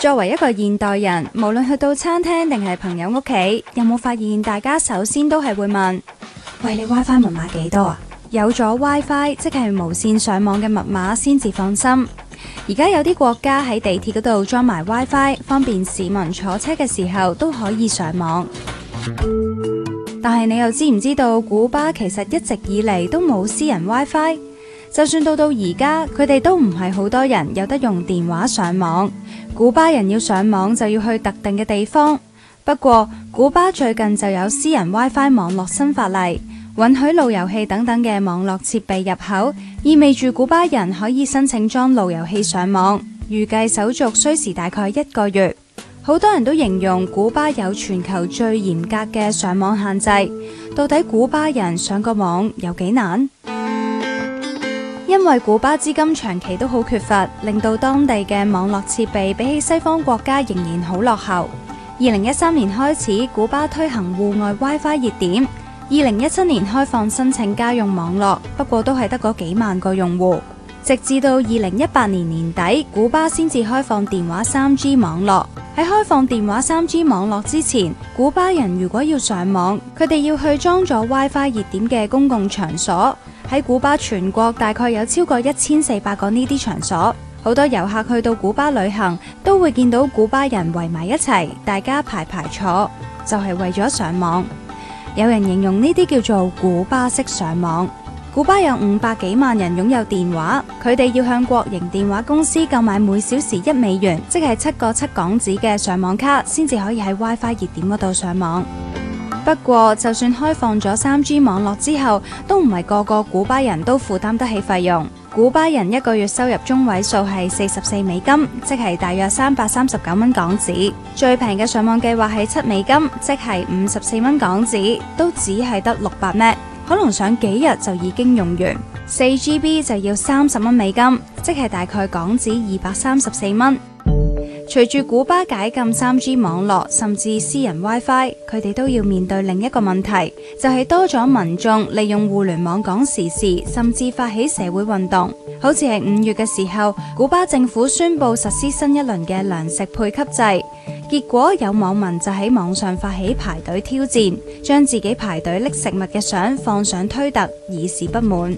作為一個現代人，無論去到餐廳定係朋友屋企，有冇發現大家首先都係會問：喂，你 WiFi 密碼幾多啊？有咗 WiFi，即係無線上網嘅密碼先至放心。而家有啲國家喺地鐵嗰度裝埋 WiFi，方便市民坐車嘅時候都可以上網。但係你又知唔知道，古巴其實一直以嚟都冇私人 WiFi。Fi? 就算到到而家，佢哋都唔係好多人有得用電話上網。古巴人要上網就要去特定嘅地方。不過古巴最近就有私人 WiFi 網絡新法例，允許路由器等等嘅網絡設備入口，意味住古巴人可以申請裝路由器上網。預計手續需時大概一個月。好多人都形容古巴有全球最嚴格嘅上網限制。到底古巴人上個網有幾難？因為古巴資金長期都好缺乏，令到當地嘅網絡設備比起西方國家仍然好落後。二零一三年開始，古巴推行戶外 WiFi 熱點；二零一七年開放申請家用網絡，不過都係得嗰幾萬個用戶。直至到二零一八年年底，古巴先至開放電話三 G 網絡。喺開放電話三 G 網絡之前，古巴人如果要上網，佢哋要去裝咗 WiFi 熱點嘅公共場所。喺古巴全國大概有超過一千四百個呢啲場所，好多遊客去到古巴旅行都會見到古巴人圍埋一齊，大家排排坐，就係為咗上網。有人形容呢啲叫做古巴式上網。古巴有五百幾萬人擁有電話，佢哋要向國營電話公司購買每小時一美元，即係七個七港紙嘅上網卡，先至可以喺 WiFi 熱點嗰度上網。不過，就算開放咗 3G 網絡之後，都唔係個個古巴人都負擔得起費用。古巴人一個月收入中位數係四十四美金，即係大約三百三十九蚊港紙。最平嘅上網計劃係七美金，即係五十四蚊港紙，都只係得六百 MB，可能上幾日就已經用完。4GB 就要三十蚊美金，即係大概港紙二百三十四蚊。隨住古巴解禁三 G 網絡，甚至私人 WiFi，佢哋都要面對另一個問題，就係多咗民眾利用互聯網講時事，甚至發起社會運動。好似係五月嘅時候，古巴政府宣布實施新一輪嘅糧食配給制，結果有網民就喺網上發起排隊挑戰，將自己排隊拎食物嘅相放上推特，以示不滿。